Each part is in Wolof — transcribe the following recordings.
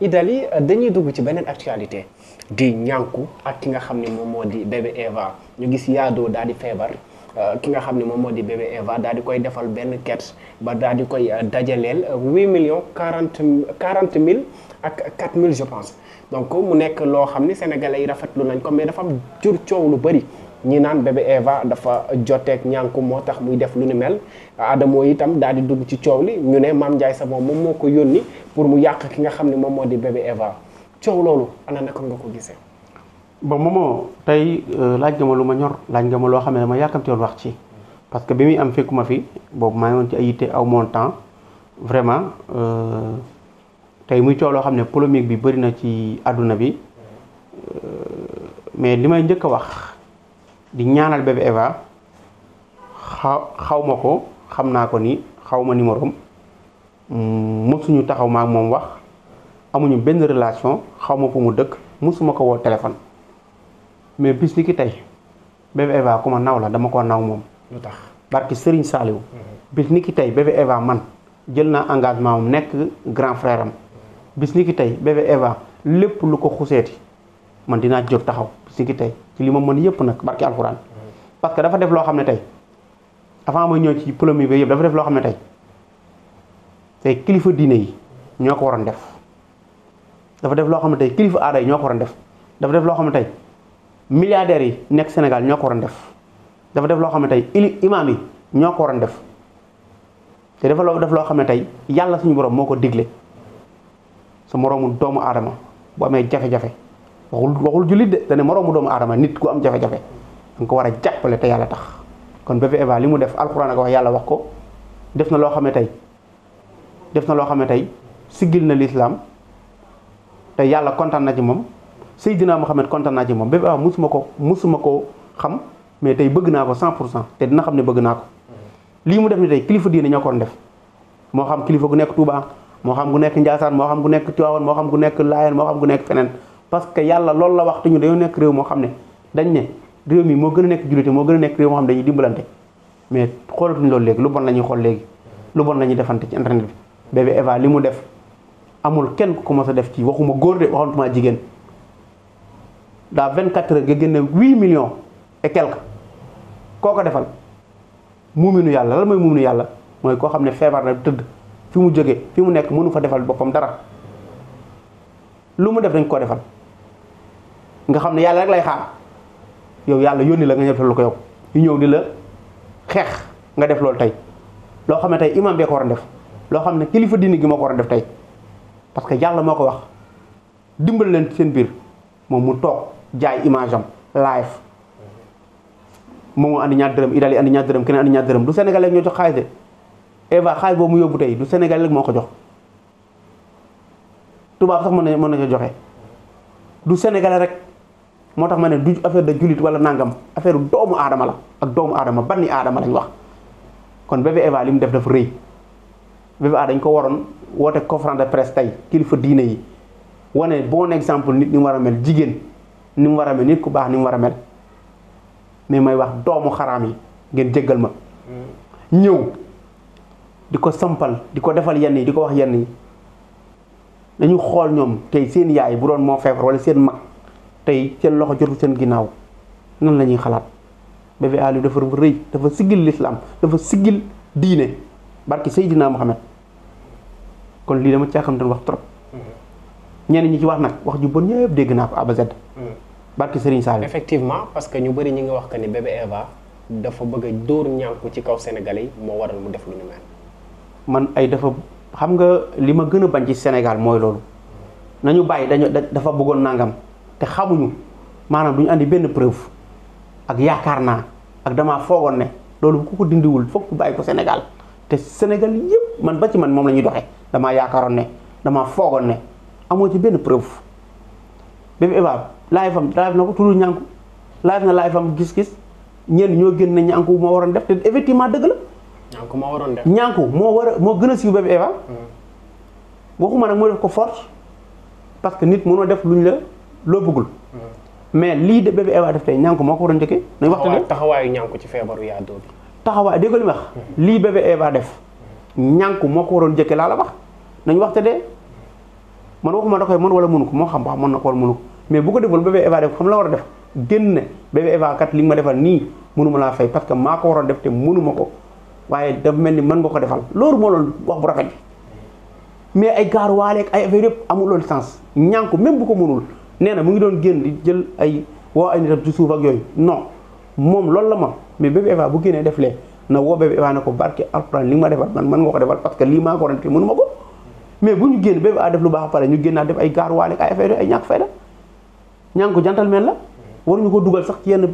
Idali euh, dañuy dugg ci beneen actualité di ñànku ak ki nga xam ne moom moo di bébé Eva ñu gis yaadoo daal di feebar euh, ki nga xam ne moom moo di bébé Eva daal di koy defal benn ket ba daal di koy euh, dajaleel 8 millions 40 quarante mille ak 4 mille je pense donc mu nekk loo xam ne sénégalais yi rafetlu nañ ko mais dafa am coow lu bëri. ñi naan bébé Eva dafa joté ak ñanku motax muy def lu ni mel Adamo itam daal dugg ci coow li ñu né mam Ndiaye sa mom mom moko yoni pour mu yàq ki nga xamni mom modi bébé Eva ciow lolu ana nak nga ko gissé ba momo tay euh, laaj nga ma luma ñor laaj nga ma lo xamé ne dama yàkkamti woon wax ci parce que bi muy am fekkuma fi bob ma ngi won ci ay yitte aw mon temps vraiment euh tay muy ciow lo xamné polémique bi bari na ci aduna bi euh, mais limay ñëk wax di ñaanal bébé Eva xaw xaw ma ko xam naa ko ni xaw ma numéro mm, mosuñu taxaw ma moom wax amuñu benn relation xaw ma fu mu dëkk mosuma ko woo téléphone mais bis ni ki tey bébé Eva ku ma naw la dama ko naw moom. lu tax barki Serigne Saliou. Mm-hmm. bis ni ki tey bébé Eva man jël naa engagement am nekk grand frère am bis ni tey Eva lépp lu ko xuseeti. man dinaa jóg taxaw si ki tey ci li ma mën yëpp nag barki alxuraan parce que dafa def loo xam ne tey avant mooy ñëw ci polémique bi yëpp dafa def loo xam ne tey tey kilifa diine yi ñoo ko waroon def dafa def loo xam ne tey kilifa aada ñoo ko waroon def dafa def loo xam ne tey milliardaires nekk Sénégal ñoo ko waroon def dafa def loo xam ne tey ili imaam yi ñoo ko waroon def te dafa loo def loo xam ne tey yàlla suñu borom moo ko digle su moroomu doomu aadama bu amee jafe-jafe waxul waxul jullit de dane moroomu doomu aadama nit ku am jafe-jafe danga ko war a jàppale te yàlla tax kon bébé Eva li mu def alxuraan ak wax yàlla wax ko def na loo xam ne tey def na loo xam ne tey siggil na lislaam te yàlla kontaan na ci moom Seydina Muhammad kontaan naa ci moom bébé Eva musuma ko musuma ko xam mais tey bëgg naa ko 100 pour cent te dina xam ne bëgg naa ko lii mu def ni tey kilifa diine ñoo ko doon def moo xam kilifa gu nekk Touba moo xam gu nekk Njaasaan moo xam gu nekk parce que yàlla loolu la waxtuñu te nekk réew moo xam ne dañ ne réew mi moo gën a nekk jullite moo gën a nekk réew moo xam ne dañuy dimbalante mais xoolatuñ loolu léegi lu bon la xool léegi lu bon la defante ci internet bi bébé Eva li mu def amul kenn ku ko mos def ci waxuma góor de waxatuma jigéen daa 24 heures nga génne 8 millions et quelque koo ko defal muuminu yàlla lal mooy muuminu yàlla mooy koo xam ne feebar na tëdd fi mu jógee fi mu nekk mënu fa defal boppam dara lu def dañ koo defal nga xam ne yàlla rek lay xaar yow yàlla yónni la nga ñëw lu ko yow yu ñëw di la xeex nga def loolu tey loo xam ne tey imam bee ko war a def loo xam ne kilifa diini gi moo ko war a def tey parce que yàlla moo ko wax dimbal leen seen biir moom mu toog jaay image am moom mu andi ñaar dërëm Idali andi ñaar dërëm keneen andi ñaar dërëm du Sénégalais ñoo jox xaalis de Eva xaalis boobu mu yóbbu tey du Sénégalais moo ko jox tubaab sax mën na mën na joxe motax mané ma du affaire de julit wala nangam affaire doomu adama la ak doomu adama banni adama lañ wax kon bébé Eva lim def def reuy bébé Eva dañ ko waron woote conférence de presse tay kilifa diiné yi woné bon exemple nit ni wara mel jigen ni wara mel nit ku bax ni wara mel mais may wax doomu kharam yi ngeen djegal ma mm. ñew di ko sampal di ko defal yenn yi di ko wax yenn yi dañu xol ñom tay seen yaay bu doon mo feebar wala seen mak tey seen loxo jotul seen ginnaaw nan la ñuy xalaat bébé Aliou dafa rëy dafa siggil lislaam dafa siggil diine barki Seydina Mohamed kon lii dama caa xam wax trop. Mm-hmm. ñenn ñi ci wax nag wax ju bon ñëpp dégg naa ko abazed mm-hmm. barki Serigne Sall effectivement parce que ñu bari ñu ngi wax que ni bébé Eva dafa bëgg a dóor ñànku ci kaw Sénégalais yi moo waral mu def lu ñu mel. man ay dafa xam nga li ma gën a bañ ci Sénégal mooy loolu mm-hmm. nañu bàyyi dañu dafa bëggoon nangam. te xamuñu maanaam du ñu andi benn preuve ak yaakaar naa ak damaa foogoon ne loolu ku ko dindiwul foog ñu bàyyi ko Sénégal te Sénégal yëpp man ba ci man moom lañuy ñuy doxee damaa yaakaaroon ne damaa foogoon ne amoo ci benn preuve Bébé Eva live fam live na ko tudd ñànku live na live fam gis-gis ñenn ñoo gën ne ñànku moo waroon def te effectivement dëgg la. ñànku moo waroon def ñànku moo war moo gën a siiw Bébé Eva. Hmm. waxuma nag moo def ko force parce que nit mënoo def luñ la. loo bëggul. mais lii de be Eva def tey ñànku moo ko war a nañ nañu waxtaanee taxawaayu ñànku ci feebaru yaa bi. taxawaay dégg nga li ma wax. Mm-hmm. lii bébé Eva def. ñànku moo ko waroon njëkkee laa la wax nañu waxtaanee man waxuma da koy mën wala mënu ko moo xam ba mën na ko wala mais bu ko deful bébé Eva def la war a def génn bébé Eva li ma defal nii mënuma laa fay parce que maa ko waroon def te mënuma ko waaye dafa mel ni mën nga ko defal loolu moo doon wax bu rafet bi mais ay gaar waaleeg ay affaire yëpp amul loolu sens ñànku même bu ko mënul nee na mu ngi doon génn di jël ay woo ay nitam ci suuf ak yooyu non moom loolu la ma mais bébé Eva bu génnee def lee na woo bébé Eva ne ko barke alxuraan li ma defal man man nga ko defal parce que lii maa ko rente mënu ko mais bu ñu génn bébé Eva baax pare ñu génnaat def ay gaaruwaale ak ay affaire ay ñàkk fayda ñànku gentleman la waruñu ko dugal sax ci yenn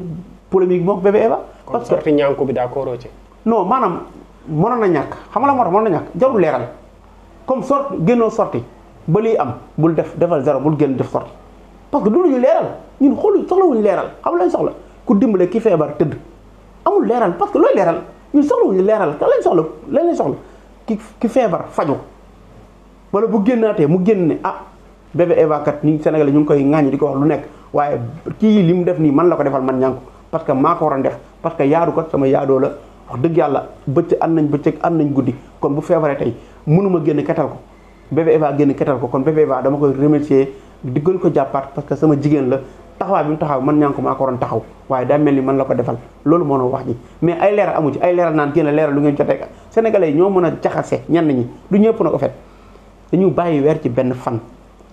polémique moom bébé Eva parce que ñànku bi d'accord ci non maanaam mënoon na ñàkk xam a moo tax mënoon na ñàkk jarul leeral comme sorte génnoo sorti ba lii am bul def defal zéro bul génn def sorti parce que du ñu leeral ñun xoolu soxlawuñu leeral xam lañ soxla ku dimbale ki feebar tëdd amul leeral parce que looy leeral ñun soxlawuñu leeral kan lañ soxla lan lañ soxla ki ki feebar faju wala bu génnaatee mu génn ne ah bébé Eva kat ni Sénégal ñu ngi koy ŋaañu di ko wax lu nekk waaye kii li mu def nii man la ko defal man ñànku parce que maa ko waroon def parce que yaadu ko sama yaadoo la wax dëgg yàlla bëccëg am nañ bëccëg am nañ guddi kon bu feebaree tey mënuma génn ketal bébé Eva génn ketal ko kon bébé Eva dama koy remercier di gën ko jàppaat parce que sama jigéen la taxawaay bi mu taxaw man ñaangi ko maa ko waroon taxaw waaye daa mel ni man la ko defal loolu moo doon wax ji mais ay leeral amu ay leeral naan génn leeral lu ngeen jotee sénégalais yi ñoo mën a jaxase ñenn ñi du ñëpp na ko fet bàyyi weer ci benn fan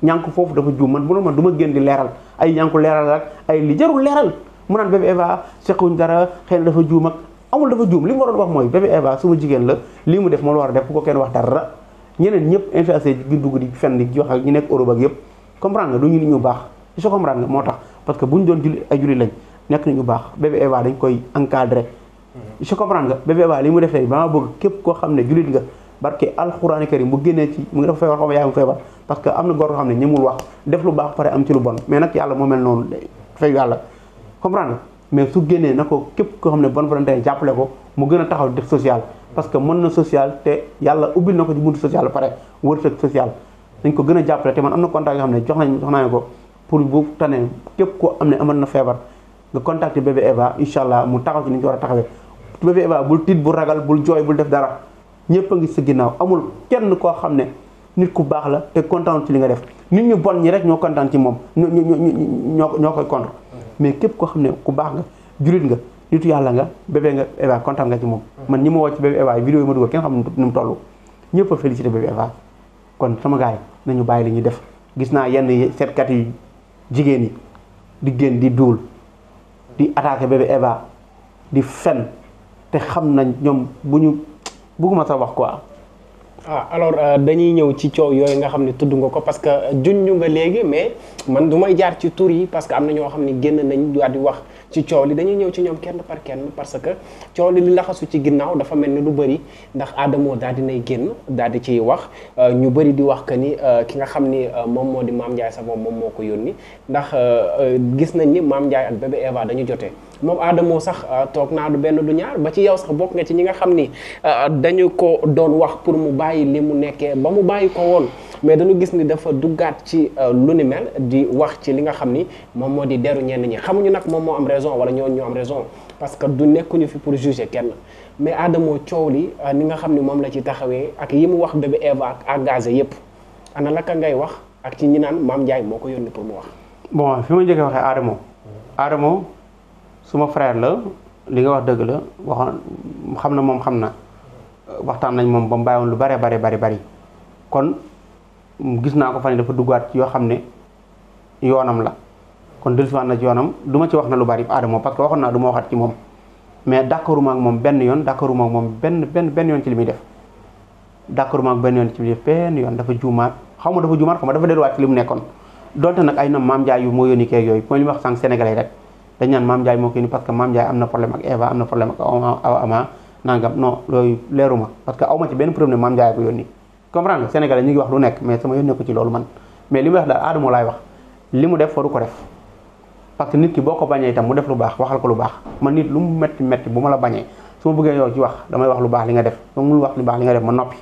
ñànku foofu dafa juum man mënul man du ma génn di leeral ay ñànku leeral rek ay li jarul leeral mu naan bébé Eva sequñ dara xëy na dafa juum ak amul dafa juum li mu waroon wax mooy bébé Eva suma jigéen la lii mu def moo la war a def bu ko kenn wax dara ñeneen ñëpp influenceurs yi di dugg di fenn di wax ak nekk Europe ak yëpp comprendre nga du ñu nit ñu baax je comprendre nga moo tax parce que bu ñu doon julli ay julli lañ nekk nañu baax bébé Eva dañ koy encadré je mm-hmm. comprendre nga bébé Eva li mu def ba ma bëgg képp koo xam ne jullit nga barke alxuraani karim bu génnee ci mu ngi dafa feebar xaw ma yaay mu feebar parce que am na gor yoo xam ne ñemul wax def lu baax pare am ci lu bon mais nag yàlla moo mel noonu fay yàlla mais su génnee na ko képp koo xam ne bonne volonté jàppale ko mu gën a taxaw def social parce que mën na social te yàlla ubbi na ko ci buntu social ba pare wërsëg social dañ ko gën a jàppale te man am na contact yoo xam ne jox nañ jox naa ko pour bu tane képp koo am ne amal na feebar nga contacter bébé Eva incha allah mu taxaw ci ko a taxawee bébé bul tiit bul ragal bul jooy bul def dara ñëpp a ngi sa ginnaaw amul kenn koo xam ne nit ku baax la te kontaan ci li nga def nit ñu bon ñi rek ñoo kontaan ci moom ñoo ñoo ñoo koy contre mm-hmm. mais képp koo xam ne ku baax nga jurit nga. nitu yàlla nga bébé nga Eva kontaan nga ci moom man ñi ma woo ci bébé Eva vidéo yi ma dugal kenn xam nu mu toll ñëpp félicité bébé Eva kon sama gaay nañu bàyyi lañuy def gis naa yenn seetkat yi jigéen yi di génn di duul di attaqué bébé Eva di fen te xam nañ ñoom bu ñu bugguma sa wax quoi ah alors euh, dañuy ñëw ci coow yooyu nga xam ne tudd nga ko parce que junj nga léegi mais man du may jaar ci tur yi parce que am na ñoo xam ne génn nañ di wax ci coow li dañuy ñëw ci ñoom kenn par kenn parce que coow li laxasu ci ginnaaw dafa mel ni lu bëri ndax Adamo daal nay génn daal di ciy wax euh, ñu bëri di wax que ni euh, ki nga xam ni euh, moom moo di Mame Ndiaye Savon moom moo ko yónni ndax gis nañ ni maam Ndiaye ak bébé Eva dañu jotee moom Adamo sax euh, toog naa du benn du ñaar ba ci yow sax bokk nga ci ñi nga xam ni euh, dañu ko doon wax pour mu bàyyi li mu nekkee ba mu bàyyi ko woon mais dañu gis ni dafa duggaat ci euh, lu ni mel di wax ci li nga xam ni moom moo di deru ñenn ñi xamuñu nag moom moo am raison wala ñoo ñoo am parce que du nekkuñu fi pour juger kenn mais Adamo coow li ni nga xam ni moom la ci taxawee ak yi mu wax bébé Eva ak engagé yépp ana la ka ngay wax ak ci ñi naan Mame Ndiaye moo ko yónni pour mu wax. bon fi ma njëkkee waxee Adamo Adamo suma frère la li nga wax dëgg la waxoon xam na moom xam na waxtaan nañ moom ba mu bàyyiwoon lu bare bare bari bari kon gis naa ko fan dafa duggaat yoo xam ne yoonam la kon dellusiwaat na ci yoonam du ci wax na lu bari Adamo parce que waxoon naa du ma waxaat ci moom mais d'accorduma ak moom benn yoon d'accorduma ak moom benn benn benn yoon ci li muy def d'accorduma benn yoon ci li muy def benn yoon dafa juumaat xaw ma dafa juumaat xaw ma dafa delluwaat ci li mu nekkoon donte nag ay na maam Ndiaye yu moo yooyu mooy li wax sànq sénégalais rek dañ nan mam Ndiaye mo ki ni parce que mam Ndiaye amna problème ak Eva amna problème ak Awa Ama nangam non loy leruma parce que awma ma ci ben problème ne maam ko yoni comprendre Sénégalais ñi ngi wax lu nekk mais sama yoni ko ci lolu man mais limu wax da aadama lay wax limu def waru ko def parce que nit ki boko bañé tam mu def lu bax waxal ko lu bax man nit lu metti metti buma la bañé suma bëggé yow ci wax damay wax lu bax li nga def mo ngul wax lu bax li nga def ma nopi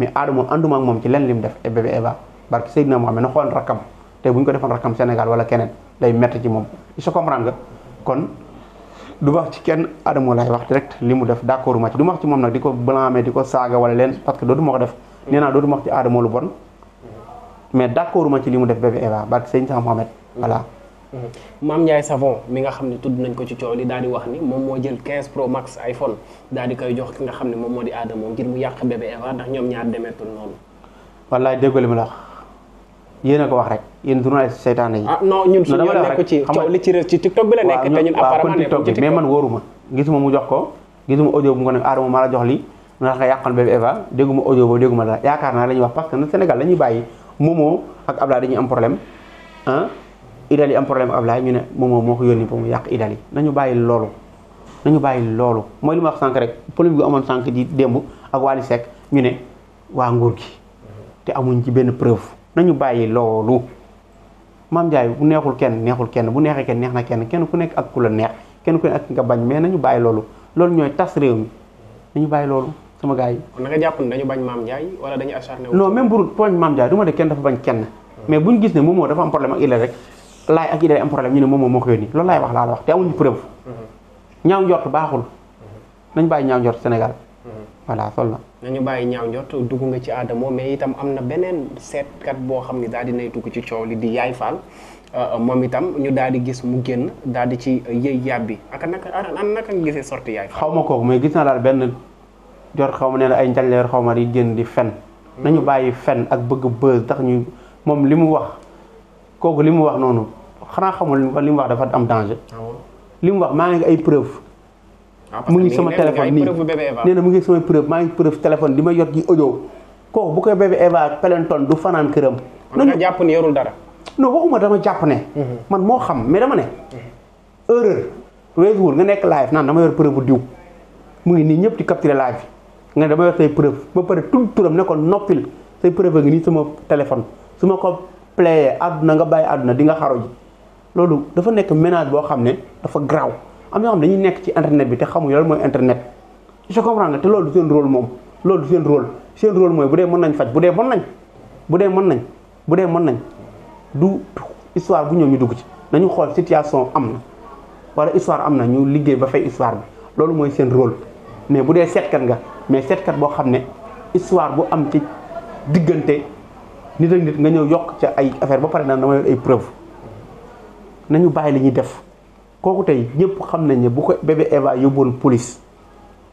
mais aadama anduma ak mom ci lén lim def e bébé Eva barki Seydina mohammed na xol rakam tey bu ñu ko defoon rakam Sénégal wala keneen day métti ci moom il se comprendre nga kon du wax ci kenn Adamo lay wax direct li mu def d' accord ma ci du ma wax ci moom di ko blâmer ko saaga wala leen parce que dootuma ko def nee naa dootuma wax lu bon mais d' accord ma ci li mu def bébé Eva barke sëñ Sam Mohamed voilà. Mm-hmm. Mame Ndiaye Savon mi nga xam ne tudd nañ ko ci coow li daal di wax ni moom moo jël 15 pro max iPhone daal di koy jox ki nga xam ne moom moo di Adamo ngir mu yàq bébé Eva ndax ñoom ñaar demeetul noonu. wallaay déggoo yéen a ko wax rek yéen journaliste seytaane yi. ah ñun suñu yoon nekk mu jox ko gisuma audio bu mu ko ne aadama maa la jox li ndax nga yàqal bébé Eva dégguma audio dégguma dara yaakaar naa la ñuy wax parce que na Sénégal la ñuy bàyyi Momo ak Ablaye dañuy am problème ah Idali am problème Ablaye ñu ne Momo moo ko yónni pour mu yàq Idali nañu bàyyi loolu nañu bàyyi loolu mooy li ma wax sànq rek polémique bu amoon sànq ji démb ak Wally Seck ñu ne waa nguur gi te amuñ benn nañu bàyyi loolu maam Ndiaye bu neexul kenn neexul kenn bu neexee kenn neex na kenn kenn ku nekk ak ku la neex kenn ku nekk ak nga bañ mais nañu bàyyi loolu loolu ñooy tas réew mi nañu bàyyi loolu sama gars yi. kon na nga jàpp ne dañu bañ maam Ndiaye wala dañu acharné non même bu poñ maam Ndiaye du ma ne kenn dafa bañ kenn. mais bu ñu gis ne moom moo dafa am problème ak Idda rek laay ak Idda day am problème ñu ne moom moo moo ko yónni loolu laay wax laa la wax te amuñu preuve. Mhm. ñaaw njort baaxul nañ bàyyi ñaaw njort Sénégal voilà sol na. nañu bàyyi ñaaw njort dugg nga ci aadamo mais itam am na beneen seet kat boo xam ni daal di nay tukk ci coow li di yaay faal euh, euh, moom itam ñu daal di gis mu génn daal di ci yëy yàbbi ak naka ah, an naka nga gisee sorti yaay faal. xaw ma kooku mais gis naa daal benn jot xaw ma ne ay njàlleer xaw ma di génn di fen. Hmm. nañu bàyyi fen ak bëgg bëz tax ñu moom li mu wax kooku li mu wax noonu xanaa xamul li mu wax dafa am danger. Ah li mu wax maa ngi Ah, mu ngi sama téléphone nii nee na mu ngi sama preuve maa ngi preuve téléphone di ma yot ji audio kooku bu koy bébé Eva pelenton du fanaan këram. nañu nga jàpp dara. non dama jàpp ne. Mhm. man moo xam mais dama ne. Mhm. erreur weesuwul nga nekk live naan dama yor preuve bu diw mu ngi nii ñëpp di capturé live nga ne dama yor say preuve ba pare tudd turam nekkoon noppil say preuve ngi nii sama téléphone su ma ko playé àdduna nga bàyyi àdduna di nga xaru ji loolu dafa nekk ménage boo xam ne dafa garaaw. am ñoo xam dañuy nekk ci internet bi te xamuñu lan mooy internet je comprends nga te loolu seen rôle moom loolu seen rôle seen rôle mooy bu dee mën nañ faj bu dee mën nañ bu dee mën nañ bu dee mën nañ du histoire bu ñëw ñu dugg ci nañu xool situation am na wala histoire am na ñu liggéey ba fay histoire bi loolu mooy seen rôle mais bu dee seetkat nga mais seetkat boo xam ne histoire bu am ci diggante nit ak nit nga ñëw yokk ca ay affaire ba pare naan dama yor ay preuve nañu bàyyi li ñuy def kooku tey ñëpp xam nañ ne bu ko bébé Eva yóbboon police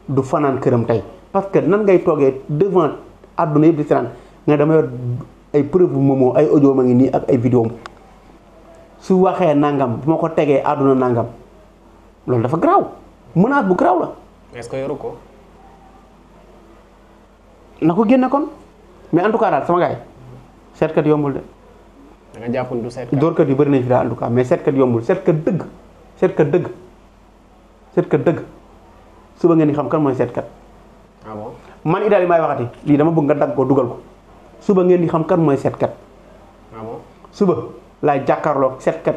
du fanaan këram tey parce que nan ngay toogee devant àdduna yëpp di seetaan nga dama yor ay preuve bu moomoo ay audio a ngi nii ak ay vidéo su waxee nangam bu ma ko tegee àdduna nangam loolu dafa garaaw menace bu garaaw la. est-ce que yoru ko. na ko génne kon mais en tout cas daal sama gars yi seetkat yombul de. da nga jàpp du seetkat. dóorkat yu bëri nañ fi daal en tout cas mais seetkat yombul seetkat dëgg. seetkat dëgg seetkat dëgg suba ngeen di xam kan mooy seetkat. ah bon man Ida li may waxati lii dama bëgg nga dagg ko dugal ko suba ngeen di xam kan mooy seet ah suba laay jàkkaarloog seetkat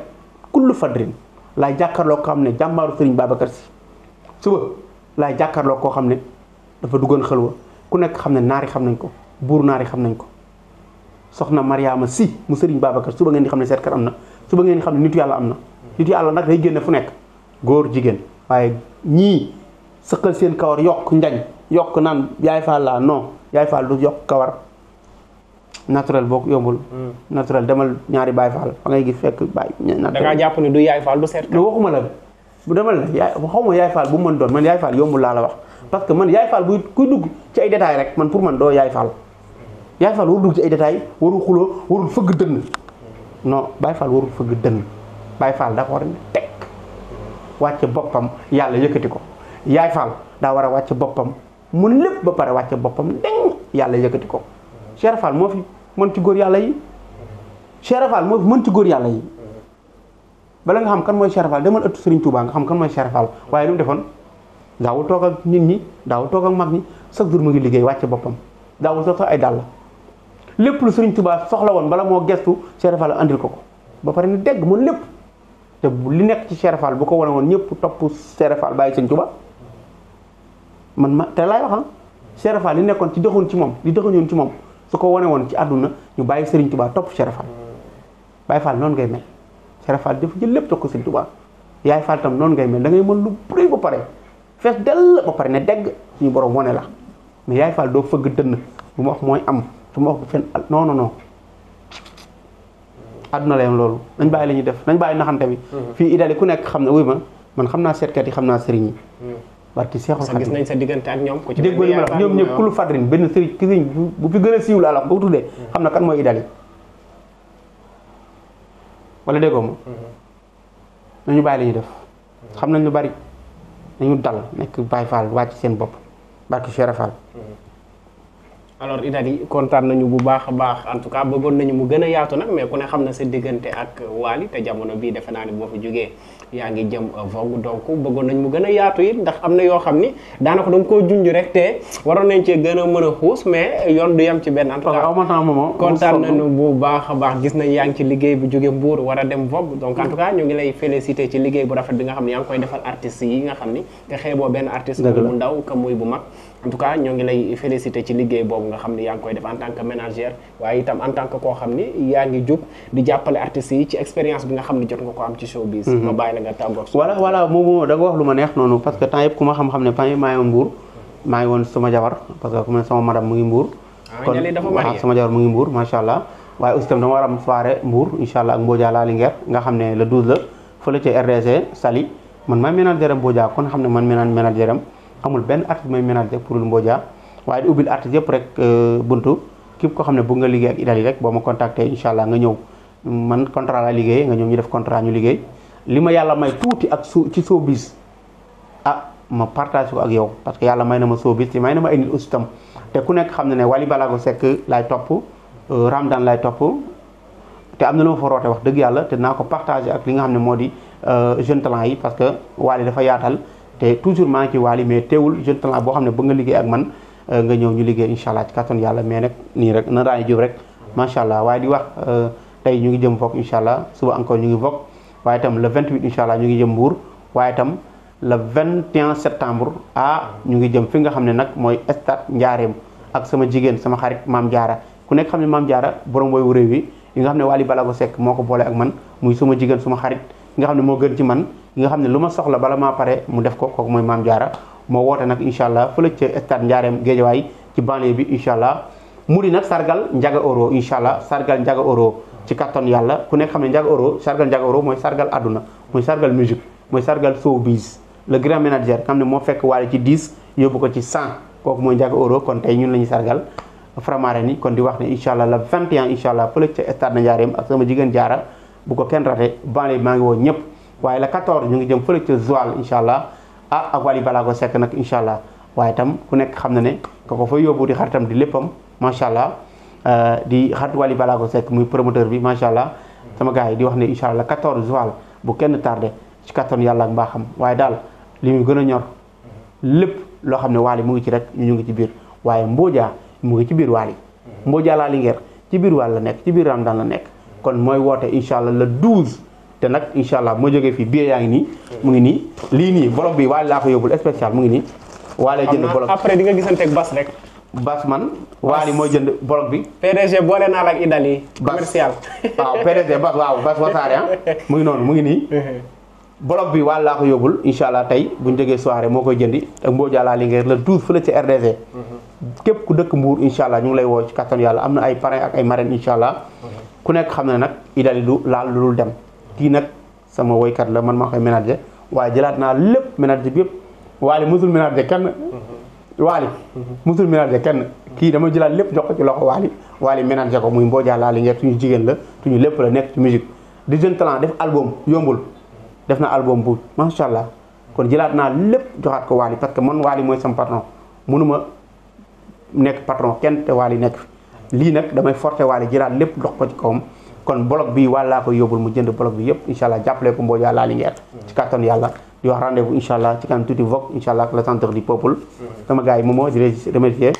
kullu fadrin laay jàkkaarloog koo xam ne jàmbaaru Serigne Babacar si suba laay jàkkaarloog koo xam ne dafa duggoon xelwa ku nekk xam ne naar naari xam nañ ko buur naari xam nañ ko. soxna Mariama si mu Serigne Babacar suba ngeen di am na suba ngeen di xam ne nitu yàlla am na. nit yàlla nag day génne fu nekk góor jigéen waaye ñii sëqal seen kawar yokk njañ yokk naan yaay faal laa non yaay faal du yokk kawar naturel boo ko yombul. Hmm. naturel demal ñaari baay faal fa ngay gis fekk baay. naturel da jàpp ni du yaay faal du set non waxuma la bu demal la yaay xaw ma yaay faal bu mu mën doon man yaay faal yombul laa la wax parce que man yaay faal buy kuy dugg ci ay détails rek man pour man doo yaay faal. yaay faal warul dugg ci ay détails warul xuloo warul fëgg dënn non Baye Fall dafa war a teg wàcc boppam yàlla yëkkati ko Yaay Fall daa war a wàcc boppam mu lépp ba pare wàcc boppam deng yàlla yëkkati ko Cheikh Fall moo fi mën ci góor yàlla yi Cheikh moo mën ci góor yàlla yi bala nga xam kan mooy Cheikh da man ëttu Serigne Touba nga xam kan mooy Cheikh Fall waaye lu mu defoon daawul toog ak nit ñi daawul toog ak mag ñi chaque jour mu ngi liggéey wàcc boppam daawul sax ay dàll lépp lu Serigne Touba soxla woon bala moo gestu Cheikh Fall andil ko ko ba te li nekk ci Cheikh Fall bu ko wane woon ñëpp topp Cheikh Fall bàyyi sëñ Tuba man ma te laay wax ah Cheikh Fall nekkoon ci doxoon ci moom li doxoon ci moom su ko wonee woon ci àdduna ñu bàyyi Serigne Touba topp Cheikh Fall Baye Fall noonu ngay mel Cheikh Fall dafa jël lépp toog ko Serigne Touba yaay Fall tam noonu ngay mel da ngay mën lu bëri ba pare fees dell ba pare ne dégg suñu borom wane la mais yaay Fall doo fëgg dënn lu ma wax mooy am su ma wax bu fen àdduna la yam loolu dañ bàyyi la ñuy def nañ bàyyi naxante bi mm-hmm. fii Italie ku nekk xam ne wuy ma man xam naa seetkat yi xam naa sëriñ yi mm-hmm. barki seexul xadim nañ sa diggante ak ñoom ku ci dégg ma la ñoom ñëpp kulu fadrin benn sëriñ sëriñ bu fi gën a siiw laa la wax boo tuddee mm-hmm. xam na kan mooy Italie wala déggoo ma nañu bàyyi la ñuy def xam nañ lu bari nañu dal nekk Baay Faal wàcc seen bopp barki Cheikh Fall alors Idadi kontaan nañu bu baax a baax en tout cas bëggoon nañu mu gën a yaatu nag mais ku ne xam na sa diggante ak Wally te jamono bii defe naa ni boo fi yaa ngi jëm Vogue donc bëggoon nañ mu gën a yaatu it ndax am na yoo xam ni daanaka da nga koo junj rek te waroon nañ cee gën a mën a xuus mais yoon du yem ci benn en tout cas kontaan nañu bu baax a baax gis nañ yaa ngi ci liggéey bu jóge Mbour war a dem Vogue donc en tout cas ñu ngi lay félicité ci liggéey bu rafet bi nga xam ne yaa ngi koy defal artistes yi nga ni te benn artiste bu ndaw ka muy bu en tout cas ñoo ngi lay féliciter ci liggéey bobu nga xamni ni koy def en tant que ménagère waye itam en tant que ko xamni ni yaa ngi jub di jappalé artiste yi ci expérience bi nga xamni jot nga ko am ci showbiz mhm. ma bay la nga tagox wala wala mo mo da nga wax luma neex noonu parce que temps yëpp kuma xam-xam ne may won ngi may won maa ngi sama jabar parce que kuma sama madame mu ngi mbuur ah, kon sama jabar mu ngi ma sha allah waye aussi tam dama war am soirée mbuur inshallah allah ak mbooja laa linguère nga xam le 12 la fële ci RDC sali man ma ménagère am mbooja kon xam ne man ménagère am amul benn artiste mooy ménager pour Mbodiya waaye di ubbil artiste yëpp rek euh, buntu képp ko xam ne bëgg nga liggéey ak Idali rek boo ma contacté incha allah nga ñëw man contrat laa liggéey nga ñëw ñu def contrat ñu liggéey li ma yàlla may tuuti ak su ci showbiz ah ma partage ko ak yow parce que yàlla may na ma showbiz ci may na ma ay nit aussi tam te ku nekk xam ne ne Wally Ballago Seck laay topp euh, Ramdan laay topp te am na lu ma fa roote wax dëgg yàlla te naa ko partagé ak li nga xam ne moo di euh, jeune talent yi parce que Wally dafa yaatal te toujours maa ngi ci waali mais teewul jeune talent boo xam ne ba nga liggéey ak man euh, nga ñëw ñu liggéey incha allah ci kattan yàlla mais nag nii rek na raay jub rek macha allah waaye di wax euh, tey ñu ngi jëm Vogue incha allah suba encore ñu ngi Vogue waaye tam le 28 incha allah ñu ngi jëm Mbour waaye la le 21 septembre ah ñu ngi jëm fi nga xam ne nag mooy stade Njaareem ak sama jigéen sama xarit maam jaara ku nekk xam ne maam jaar borom woyu réew yi yi nga xam ne Wally Balago Seck moo ko boole ak man muy suma jigéen suma xarit nga xam ne moo gën ci man nga xam ne lu ma soxla bala maa pare mu def ko kooku mooy maam jaara moo woote nag incha allah fële ca stade njaareem géejawaay ci banlieue bi incha allah mu di nag sargal njaga euro incha allah sargal njaga euro ci kattan yàlla ku nekk xam ne njaga euro sargal njaga euro mooy sargal àdduna mooy sargal musique mooy sargal showbiz le grand manager xam moo fekk waale ci 10 yóbbu ko ci 100 kooku mooy njaga euro kon tey ñun la ñuy sargal framare ni kon di wax ne incha allah la 21 incha allah na njaareem ak sama jigéen jaara bu ko kenn rate banlieue maa ngi woo ñëpp waaye la 14 ñu ngi jëm fële ca Joal incha allah a ah, ak Wally Ballago sekk nag incha allah waaye tam ku nekk xam na ne ka ko fa yóbbu di xaritam di léppam macha allah euh, di xarit Wally Ballago sekk muy promoteur bi macha allah sama gars yi di wax ne incha allah 14 Joal bu kenn tardé ci kattan yàlla ak mbaaxam waaye daal li ñu gën a ñor lépp loo xam ne Wally mu ngi ci rek ñu ngi ci biir waaye Mbodja mu ngi ci biir Wally mhm. Mbodja laa Linguère ci biir Wally la nekk ci biir Ramdan la nekk kon mooy woote incha allah té nak inshallah mo jogé fi fii yaangi ni ngi mu ngi ni li ni borom bi wala laa ko yobul spécial mu ngi ni wala jënd borom après di nga gissanté ak bass rek bass man wali mo jënd borom bi PDG bolé na la ak idali commercial waaw PDG bass waaw bas wasaare han ah. mu ngi non mu ngi ni borom bi wala laa ko yobul inshallah tay buñ jogé soirée mo koy jëndi ak Mbodja li ngeer le tout fële ci RDC képp ku dëkk Mbour inshallah ñu ngi lay wo ci carton yalla amna ay parrain ak ay marraine inshallah ku nek xamna nak idali du laal lu dem kii nag sama woykat la man maa koy ménager waaye jëlaat naa lépp ménager bi yëpp waali musul ménager kenn mhm. waali mhm. musul ménager kenn mhm. kii dama jëlaat lépp jox ko ci loxo waali waali ménager ko muy mboojaa laali jigéen la suñu lépp la nekk ci musique di jeune talent def album yombul def na album bu macha allah kon jëlaat naa lépp joxaat ko waali parce que man waali mooy sama patron mënuma nekk patron kenn te waali nekk fi lii nag damay forcé waali jëlaat lépp jox ko ci kawam kon blog bi wala ko yobul mu jënd bloc bi yëpp inshallah allah ko ko yalla li Linguère ci carton yalla di wax rendez-vous inshallah allah ci kan tuti vok inshallah ak le centre du peuple sama gaay momo di remercier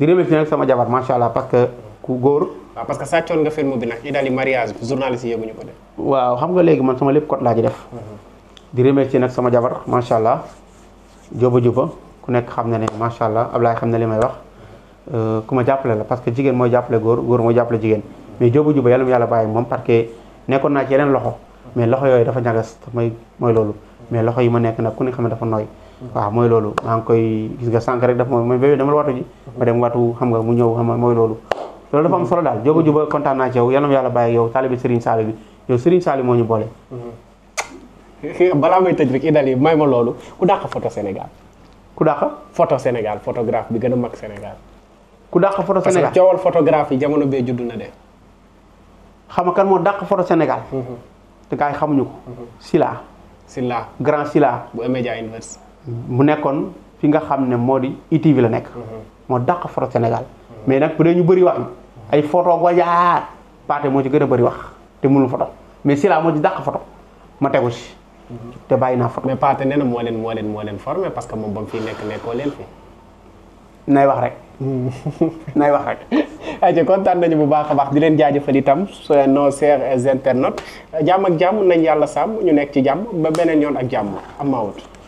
di remercier sama jabar machallah parce que ku góor waaw parce que sàccoon nga film bi nak i daali mariage journaliste yi yëguñu ko waaw xam nga légui man sama lepp code la def di remercier nak sama jabar machallah jobu jubo, ku nek xam na ne machallah ablay xam na limay wax euh kuma jappalé la parce que mais jóoba juba yàlla mu yàlla bàyyi moom parce que nekkoon naa ci yeneen loxo mais loxo yooyu dafa ñagas mooy mooy loolu mais loxo yi ma nekk nag ku ne xam ne dafa nooy waaw mooy loolu maa ngi koy gis nga ma dem watu xam nga mu ñëw mooy loolu loolu dafa am solo daal jóoba juba kontaan naa ci yow yàlla yàlla bàyyi yow taalibi Serigne Saliou bi yow Serigne Saliou moo ñu boole balaa may tëj rek idal yi may ma loolu ku dàq photo Sénégal ku dàq photo Sénégal photographe bi gën a mag xam nga kan moo daq photo Sénégal. Mhm. te gars yi xamuñu ko. Mhm. Silla. Silla grand Silla. bu Emedia Universe. mu nekkoon fi nga xam ne moo di ITV la nekk. Mhm. moo daq photo Sénégal. mais nag bu dee ñu bëri wax ay photo wajaar Pathé moo ci gën a bëri wax te mënul photo mais Silla moo ci dàq photo ma tegu ci. te bàyyi naa photo. mais Pathé nee na moo leen moo leen moo leen formé parce moom ba fi nekk nekkoo leen fi. nay wax rek. Mm. nay wax rek. ayca kontaan nañu bu baax a baax di leen jaajëfal itam euh, nos chers euh, internautes jàmm ak jàmm nañ yàlla sàmm ñu nekk ci jàmm ba beneen yoon ak jàmm am